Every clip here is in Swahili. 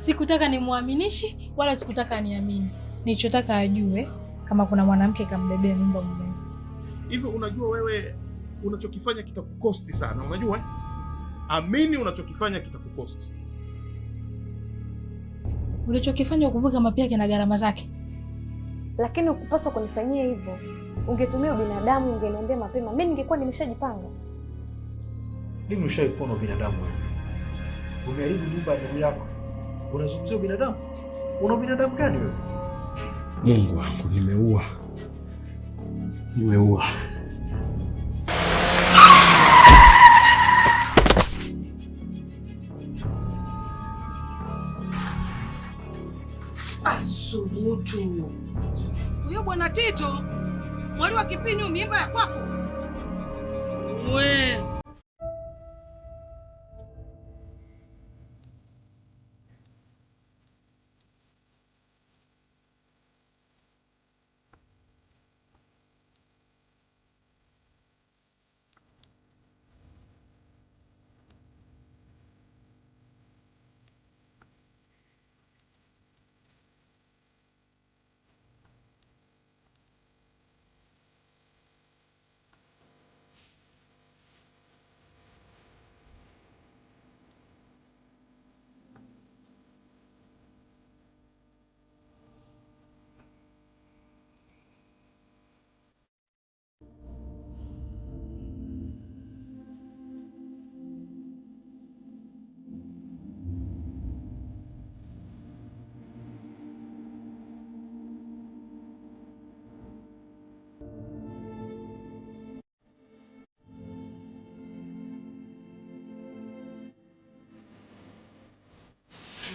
Sikutaka nimwaminishi wala sikutaka niamini. Nilichotaka ajue kama kuna mwanamke kambebea mimba mume. hivyo unajua wewe unachokifanya kitakukosti sana, unajua eh? Amini unachokifanya kitakukosti. Ulichokifanya ukumbuke kama pia kina gharama zake, lakini ukupaswa kunifanyia hivyo. Ungetumia ubinadamu, ungeniambia mapema, mimi ningekuwa nimeshajipanga. Lini ushaikuona ubinadamu? Umeharibu nyumba ya ndugu yako Unazungumzia binadamu? Una binadamu gani wewe? Mungu wangu, nimeua, nimeua. Asubutu huyo bwana Tito mwali wa kipinyu, mimba ya kwako wewe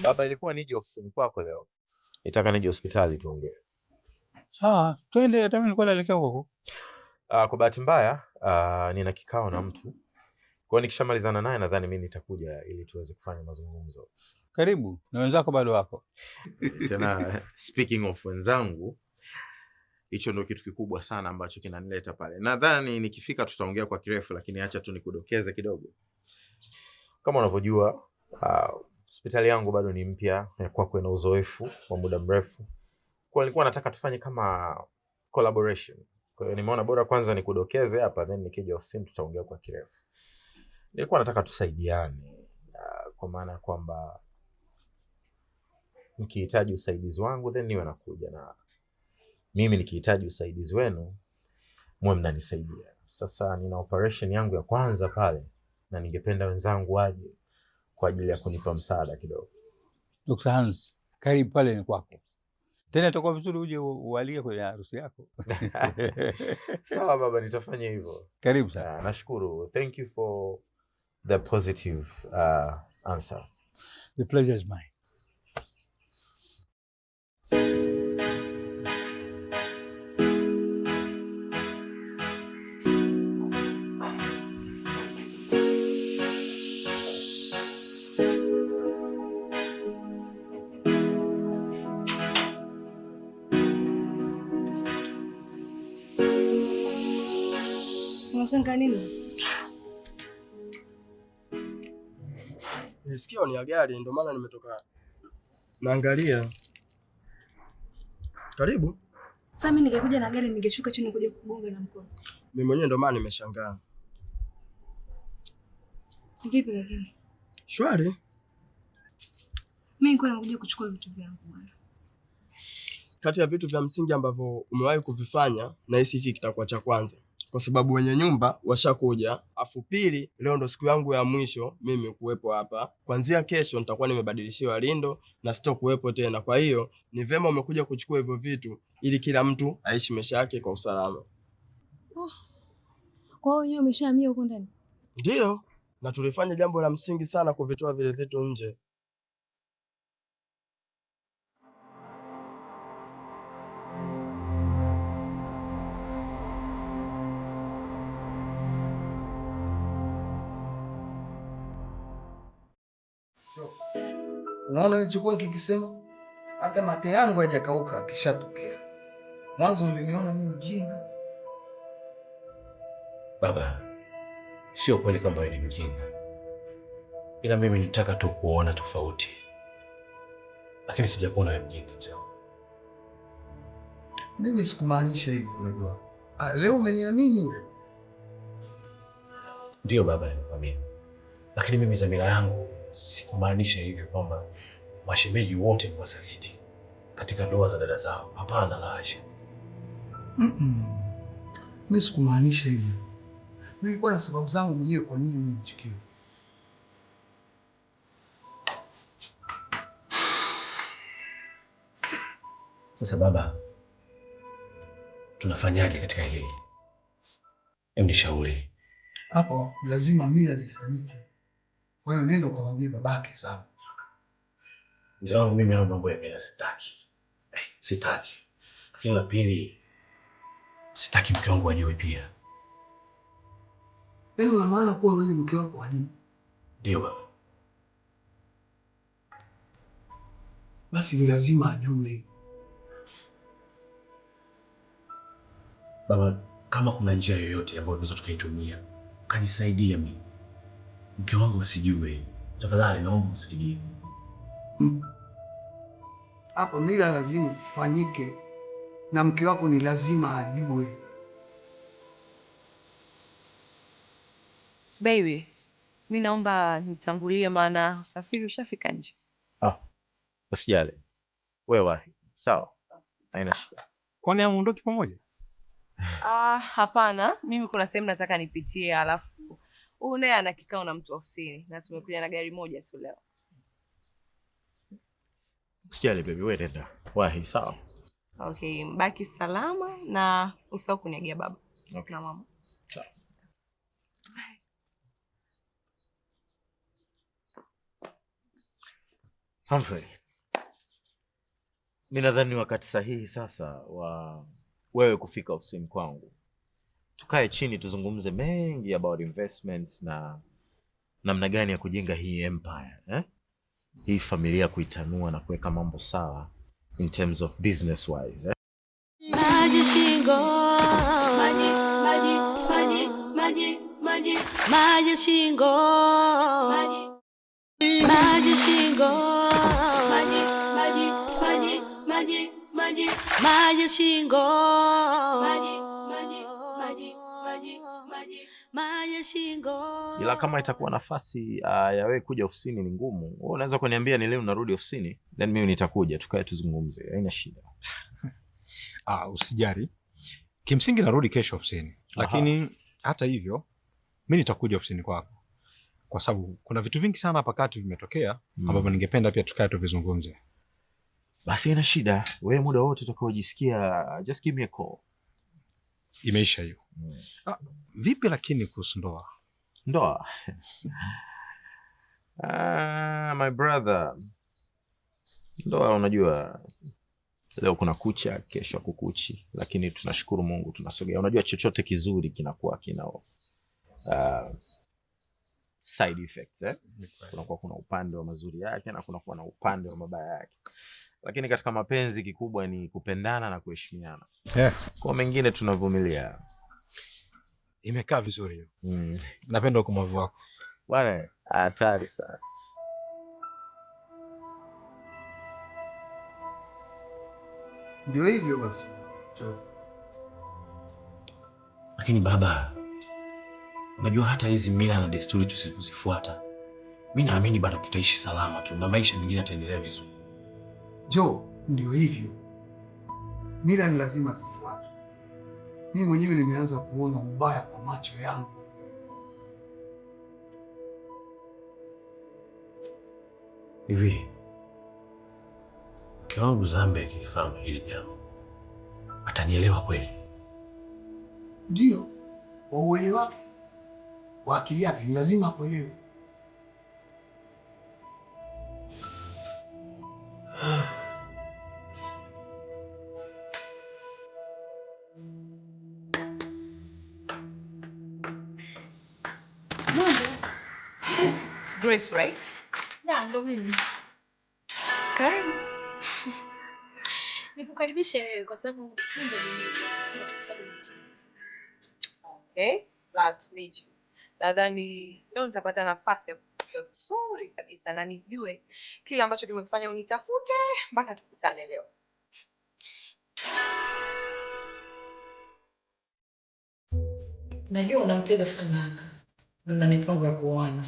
Baba, ilikuwa nije ofisini kwako leo, nitaka nije hospitali tuongee. Sawa, twende. Hata mimi nilikuwa naelekea huko. Uh, kwa bahati mbaya uh, nina kikao na mtu kwao, nikishamalizana naye nadhani mimi nitakuja ili tuweze kufanya mazungumzo. Karibu na wenzako bado wako tena. Speaking of wenzangu, hicho ndio kitu kikubwa sana ambacho kinanileta pale. Nadhani nikifika tutaongea kwa kirefu, lakini acha tu nikudokeze kidogo. Kama unavyojua uh, hospitali yangu bado ni mpya ya kwako, ina uzoefu wa muda mrefu, kwa nilikuwa nataka tufanye kama collaboration. Kwa hiyo nimeona bora kwanza nikudokeze hapa, then nikija ofisini tutaongea kwa kirefu. Nilikuwa nataka tusaidiane, kwa maana ya kwamba nikihitaji usaidizi wangu then niwe nakuja, na mimi nikihitaji usaidizi wenu mwe mnanisaidia. Sasa nina operation yangu ya kwanza pale, na ningependa wenzangu waje kwa ajili ya kunipa msaada kidogo. Dr. Hans, karibu pale ni kwako. Tena itakuwa vizuri uje ualike kwenye harusi yako. Sawa baba, nitafanya hivyo. Karibu sana. Ah, nashukuru. Thank you for the positive uh, answer. The pleasure is mine. Unashangaa nini? Nisikia ni gari ndio maana nimetoka naangalia. Karibu. Sasa mimi ningekuja na gari ningeshuka chini kuja kugonga na mkono. Mimi mwenyewe ndio maana nimeshangaa. Vipi lakini? Shwari. Mimi niko nakuja kuchukua vitu vyangu bwana. Kati ya vitu vya msingi ambavyo umewahi kuvifanya na hisi hichi kitakuwa cha kwanza kwa sababu wenye nyumba washakuja. Afu pili, leo ndo siku yangu ya mwisho mimi kuwepo hapa. Kuanzia kesho nitakuwa nimebadilishiwa lindo na sitokuwepo tena. Kwa hiyo ni vema umekuja kuchukua hivyo vitu, ili kila mtu aishi maisha yake kwa usalama. Oh. Kwa hiyo umeshahamia huko ndani? Ndiyo, na tulifanya jambo la msingi sana kuvitoa vile vitu nje. Unaona nilichokuwa nikikisema? Hata mate yangu hajakauka kishatokea. Mwanzo niliona mimi mjinga. Baba, sio kweli kwamba wewe ni mjinga, ila mimi nitaka tu kuona tofauti, lakini sijakuona wewe mjinga. Mimi sikumaanisha hivyo, unajua. Ah, leo umeniamini. Ndio baba, nikwambia, lakini mimi zamira yangu Sikumaanisha hivyo kwamba mashemeji wote ni wasaliti katika ndoa za dada zao. Hapana, la hasha. Mm -mm. Mimi sikumaanisha hivyo. Nilikuwa na sababu zangu mwenyewe kwa nini mimi nichukie. Sasa baba, tunafanyaje katika hili? Hebu nishauri. Hapo lazima mila zifanyike. Kwa hiyo nenda ukamwambie babake sana. Mzee wangu mimi hayo mambo ya mila sitaki. Eh, sitaki. Lakini la pili sitaki mke wangu ajue pia. Neno yaani una maana kuwa wewe mke wako nini? Ndio baba. Basi ni lazima ajue. Baba, kama kuna njia yoyote ambayo tunaweza tukaitumia, kanisaidia mimi. Mke wangu asijue, tafadhali naomba msaidie hmm. hapo. Mila lazima ifanyike na mke wako ni lazima ajue. Baby, mi naomba nitangulie, maana usafiri ushafika nje. Ah, usijali wewe, wahi sawa, haina shida. Kwani amuondoki pamoja? Ah, hapana, mimi kuna sehemu nataka nipitie, alafu Huyu naye ana kikao na mtu ofisini na tumekuja na gari moja tu leo. Sijali baby, wewe nenda. Wahi sawa. Okay, mbaki salama na usahau kuniagia baba. Okay. Na mama. Sawa. Humphrey. Mimi nadhani wakati sahihi sasa wa wewe kufika ofisini kwangu tukae chini tuzungumze mengi about investments na namna gani ya kujenga hii empire eh? Hii familia kuitanua na kuweka mambo sawa in terms of business wise eh? Maji shingo, maji, maji, maji, maji, maji, maji shingo, maji maji, maji, maji, maji, maji, maji shingo, maji ila kama itakuwa nafasi uh, ya wewe kuja ofisini ni ngumu, wewe unaweza kuniambia ni leo unarudi ofisini, then mimi nitakuja tukae tuzungumze, haina shida. Ah, uh, usijari, kimsingi narudi kesho ofisini, lakini Aha. hata hivyo mimi nitakuja ofisini kwako kwa sababu kuna vitu vingi sana hapa kati vimetokea mm. ambavyo ningependa pia tukae tuvizungumze. Basi ina shida, wewe muda wote utakaojisikia, just give me a call imeisha hiyo mm. Ah, vipi lakini kuhusu ndoa ndoa? Ah, my brother, ndoa unajua leo kuna kucha, kesho kukuchi, lakini tunashukuru Mungu tunasogea. Unajua chochote kizuri kinakuwa kina uh, side effects eh? Kunakuwa kuna upande wa mazuri yake na kuwa na upande wa mabaya yake lakini katika mapenzi kikubwa ni kupendana na kuheshimiana. Yeah. Kwa mengine tunavumilia. Imekaa vizuri Mm. Napenda ukomavu wako bwana, hatari sana. Ndio hivyo basi. Lakini baba, unajua hata hizi mila na desturi tusipozifuata, mi naamini bado tutaishi salama tu na maisha mengine yataendelea vizuri jo, ndio hivyo, mila ni lazima zifuatwe. Mimi mwenyewe nimeanza kuona ubaya kwa macho yangu. Hivi mke wangu Zambe akifahamu hili jambo atanielewa kweli? Ndio, kwa uwele wake wa akili yake ni lazima akuelewe. Ah. Grace, right? Yeah, ndo mimi. Karibu. Nikukaribisha wewe kwa sababu mimi ndo Okay, glad to meet you. Nadhani leo nitapata nafasi ya kujua vizuri kabisa na nijue kile ambacho kimekufanya unitafute mpaka tukutane leo. Najua unampenda sana na mipango ya kuoana.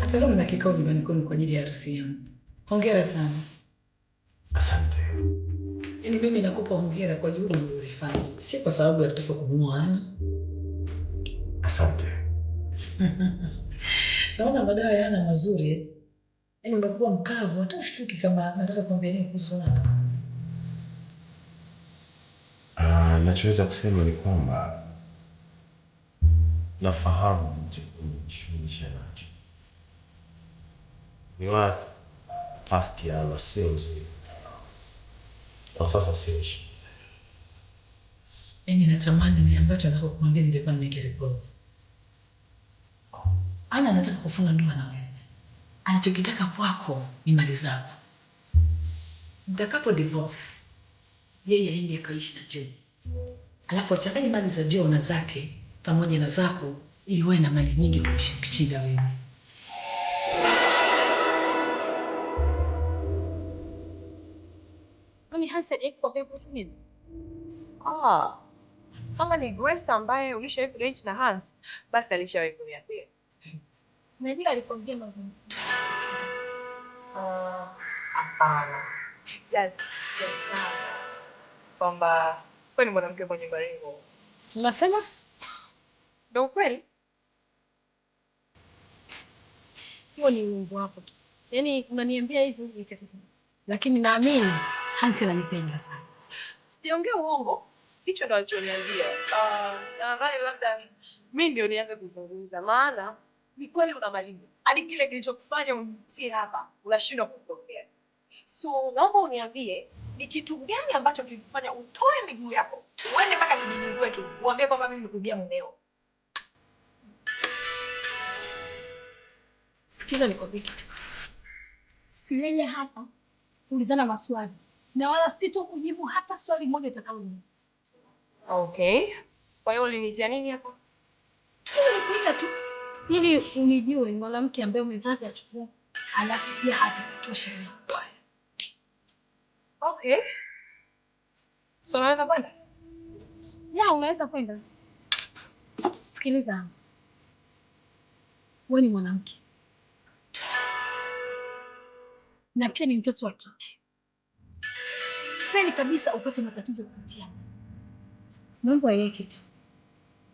Hata leo mna kikao nyumbani kwenu kwa ajili ya harusi yangu. Hongera sana. Asante. Yaani mimi nakupa hongera kwa juhudi unazozifanya, si kwa sababu ya kutaka kumuua Ana. Asante. Naona madawa yana mazuri. Eh. Yaani umekuwa mkavu, hata ushtuki kama nataka kuambia nini kuhusu Nana. Ah, nachoweza kusema ni kwamba nafahamu nje kujishughulisha nacho. Miwazi past ama sio nzuri kwa sasa, siishi yaani natamani ni ambacho nataka kukwambia, nimeke report Ana anataka kufunga ndoa na wewe, anachokitaka kwako ni mali zako. Mtakapo divorce, yeye aende akaishi na Joe, alafu achanganye mali za Joe na zake pamoja na zako, ili uwe na mali nyingi kumshinda wewe. Hansen iko karibu, si ndio? Ah. Kama ni Grace ambaye ulishawahi date na Hans, basi alishawahi kuniambia. Najua alikwambia mazungumzo. Ah, hapana. Yes, yes. Kwamba kwani mwanamke mwenye maringo. Unasema? Ndio kweli. Hiyo ni uongo wako tu. Yaani unaniambia hivi hivi lakini naamini Hansi ananipenda sana. Sijaongea uongo. Hicho ndo alichoniambia. Uh, nadhani labda mimi ndio nianze kuzungumza maana ni kweli una malingo Hadi yaani kile kilichokufanya umtie hapa unashindwa kutokea. So naomba uniambie ni kitu gani ambacho kilikufanya utoe miguu yako uende mpaka kijijini kwetu uambie kwamba mimi nikuibia mumeo? Sikiza nikwambie kitu. Sileje hapa kuulizana maswali na wala sito kujibu hata swali moja utakaloniuliza. Okay. Kwa hiyo ulinijia nini hapo? Nilikuita tu ili unijue mwanamke ambaye umevaa viatu vyako alafu pia havikutosha. Okay. So unaweza kwenda? Ya, unaweza kwenda. Sikiliza. Wewe ni mwanamke na pia ni mtoto wa kike feli kabisa upate matatizo kupitia Mungu aye kitu.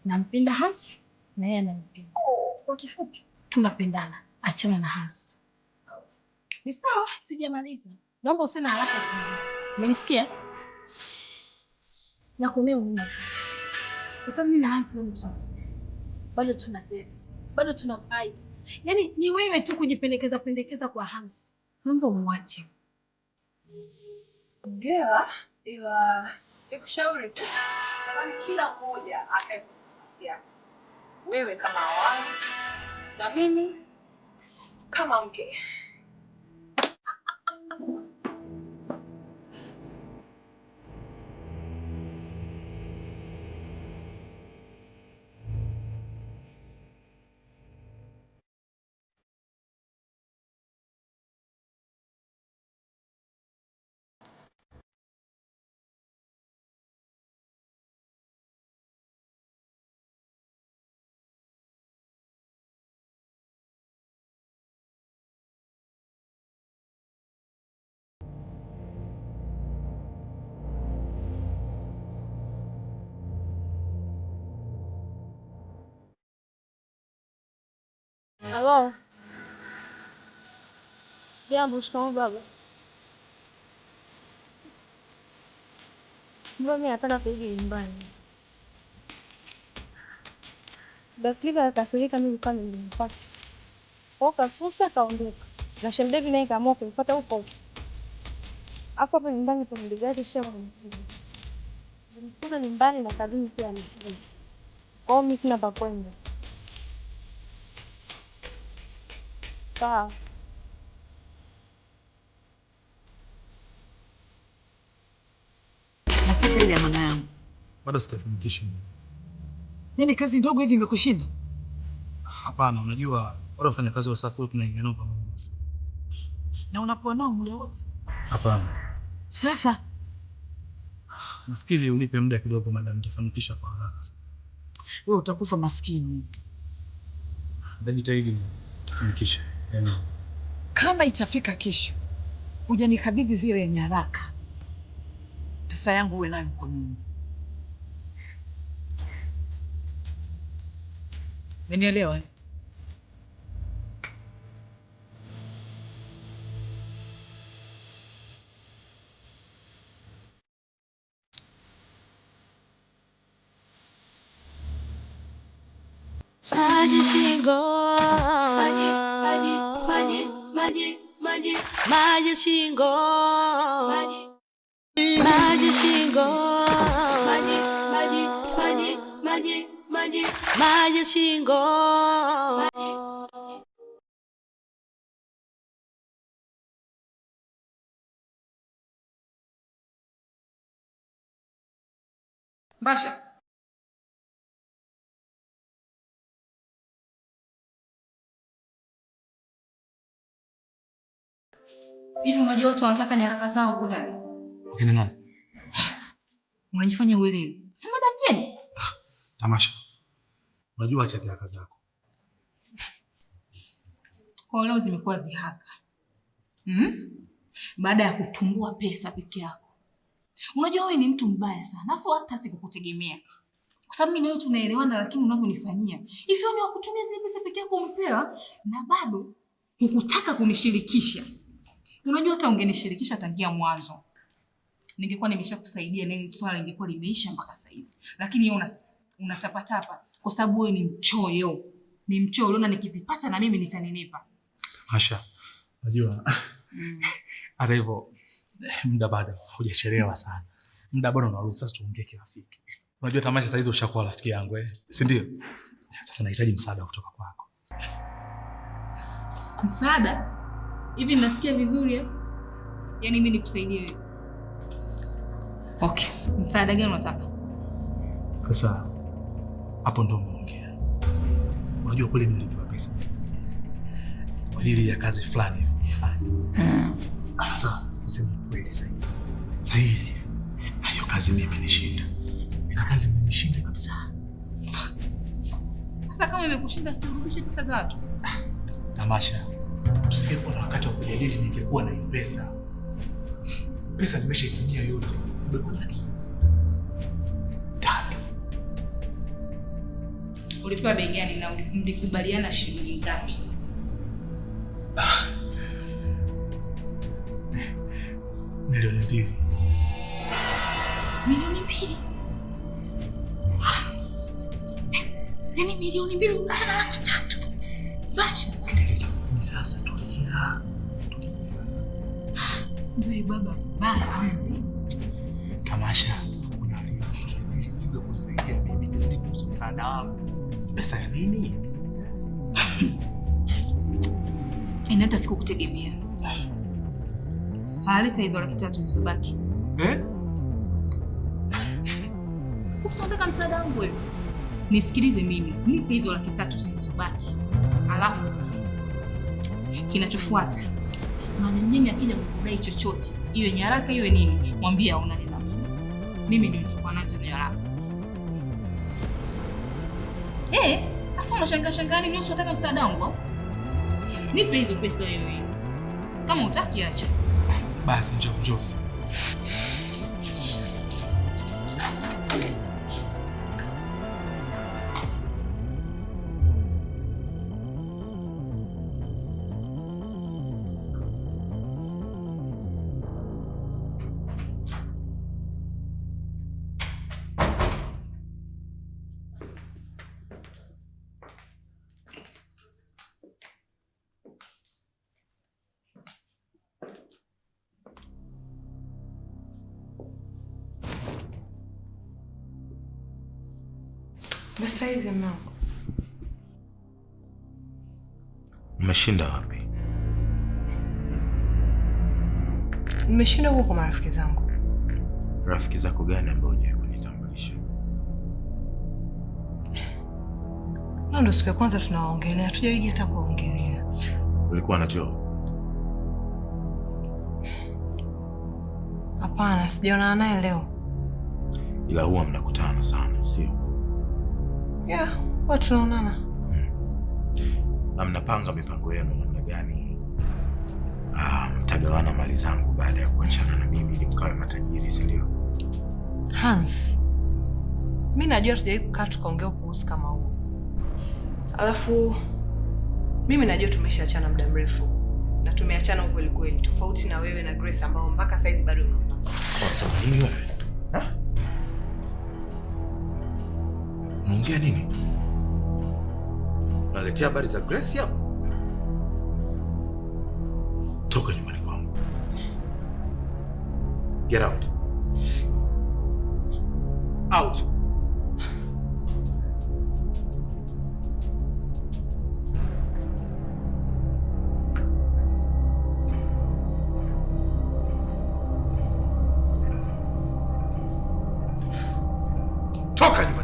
Nampenda Hasi na yeye anampenda. Kwa kifupi tunapendana, achana na Hasi. Ni sawa? Sijamaliza. Naomba usiwe na haraka. Umenisikia? Nakuonea huruma. Kwa sababu mimi na Hasi mtu. Bado tuna date. Bado tuna vibe. Yaani ni wewe tu kujipendekeza pendekeza kwa Hasi. Naomba umwache ongea ila nikushauri tu kwani kila mmoja akae yake, wewe kama awali na mimi kama mke. Halo, sijambo. Shikamoo baba. Mbona mimi nataka kurudi nyumbani. Basiliva akasirika, mimi nilikuwa nimempata kwao, kasusa akaondoka, na shemdevi naye kaamua me huko huko, afu hapa nyumbani kwa mdogo wake shamkuta nyumbani na kaduni pia amekuja kwao, mimi sina pa kwenda. vifaa. Nataka ile ya mama yangu bado sitafanikisha. Nini, kazi ndogo hivi imekushinda? Hapana, unajua wale wafanyakazi wa safu tunaingia nao pamoja, na unapoa nao muda wote? Hapana. Sasa nafikiri unipe muda kidogo, madam, nitafanikisha kwa haraka. Wewe utakufa maskini. Nitajitahidi kufanikisha. Kama itafika kesho hujanikabidhi zile nyaraka, pesa yangu uwe nayo mkononi. Menielewa eh? Madi xingou. Madi xingou. Madi xingou. Baixa. Hivi unajua watu wanataka nyaraka zao huko ndani. nani? Unajifanya uelewi. Sema dakieni. Tamasha. Unajua acha nyaraka zako. Kwa leo zimekuwa dhihaka. Mm? Baada ya kutumbua pesa peke yako. Unajua wewe ni mtu mbaya sana. Afu hata sikukutegemea. Kwa sababu mimi na wewe tunaelewana lakini unavyonifanyia. Hivyo ni wakutumia zile pesa peke yako umpewa na bado hukutaka kunishirikisha. Unajua hata ungenishirikisha tangia mwanzo ningekuwa nimeshakusaidia na swala lingekuwa limeisha mpaka saizi, lakini yeye una sasa unatapatapa kwa sababu wewe ni mchoyo, ni mchoyo. Unaona nikizipata na mimi nitanenepa. Asha, unajua mm. hata hivyo muda bado hujachelewa sana, muda bado unaruhusu. Sasa tuongee kirafiki. Unajua tamasha saizi ushakuwa rafiki yangu eh, si ndio? Sasa nahitaji msaada kutoka kwako. Msaada? Hivi nasikia vizuri eh? Yaani mimi nikusaidie wewe. Okay, msaada gani unataka? Sasa hapo ndo umeongea. Unajua kule nilipewa pesa kwa ajili ya kazi fulani mm. Sasa useme kweli sasa hizi hiyo kazi mimi imenishinda, ina kazi imenishinda kabisa. Sasa kama imekushinda, si urudishe pesa za watu. Tamasha tusingekuwa na wakati wa kujadili, ningekuwa na pesa. Pesa nimeshaitumia yote, umekuwa na kisa tatu. Ulipewa bei gani na mlikubaliana shilingi ngapi? Milioni mbili. Milioni mbili? Yaani milioni mbili na laki tatu? Basi. Ndio baba mbaya wewe. Tamasha, kuna aliyefikiri kusaidia mimi nirudi kuhusu msaada wangu. Pesa ya nini? Ina yaani hata sikukutegemea. Aleta hizo laki tatu zilizobaki. Eh? Usiondeka msaada wangu wewe. Nisikilize mimi, nipe hizo laki tatu zilizobaki. Alafu sasa kinachofuata maana mjini akija kukudai chochote, iwe nyaraka iwe nini, mwambie hauna na mimi. Mimi ndio nitakuwa nazo nyaraka. Eh, asa unashangaa ni nini? Usitaka msaada wangu? Nipe hizo pesa wewe. Kama utaki acha. Basi njoo njoo. Na saizi umeshinda wapi? Nimeshinda huko kwa marafiki zangu. Rafiki zako gani ambao hujawahi kunitambulisha? Leo ndo siku ya kwanza tunawaongelea, hatujawahi hata kuwaongelea. Ulikuwa na Joe? Hapana, sijaonana naye leo. Ila huwa mnakutana sana, sio? yeah, tunaonana. Na mnapanga mipango yenu namna gani? Ah, mtagawana mali zangu baada ya kuachana na mimi ili mkawe matajiri, si ndio? Hans, mi najua tujawai kukaa tukaongea kuhusu kama huo, alafu mimi najua tumeshaachana muda mrefu na tumeachana ukweli kweli, tofauti na wewe na Grace ambao mpaka saizi bado mnaonana. Unaongea nini? Naletea habari za Grace hapa? Toka nyumbani kwangu. Get out. Out. Toka nyumbani.